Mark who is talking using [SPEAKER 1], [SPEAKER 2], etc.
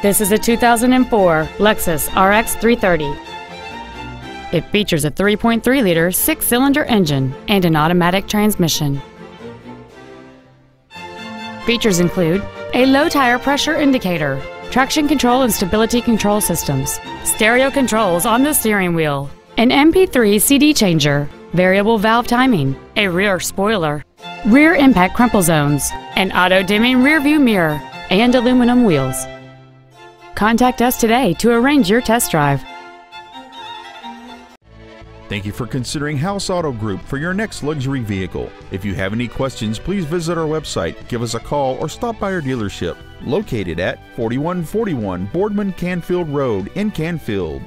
[SPEAKER 1] This is a 2004 Lexus RX 330. It features a 3.3-liter six-cylinder engine and an automatic transmission. Features include a low-tire pressure indicator, traction control and stability control systems, stereo controls on the steering wheel, an MP3 CD changer, variable valve timing, a rear spoiler, rear impact crumple zones, an auto-dimming rearview mirror, and aluminum wheels. Contact us today to arrange your test drive.
[SPEAKER 2] Thank you for considering House Auto Group for your next luxury vehicle. If you have any questions, please visit our website, give us a call, or stop by our dealership located at
[SPEAKER 3] 4141 Boardman Canfield Road in Canfield.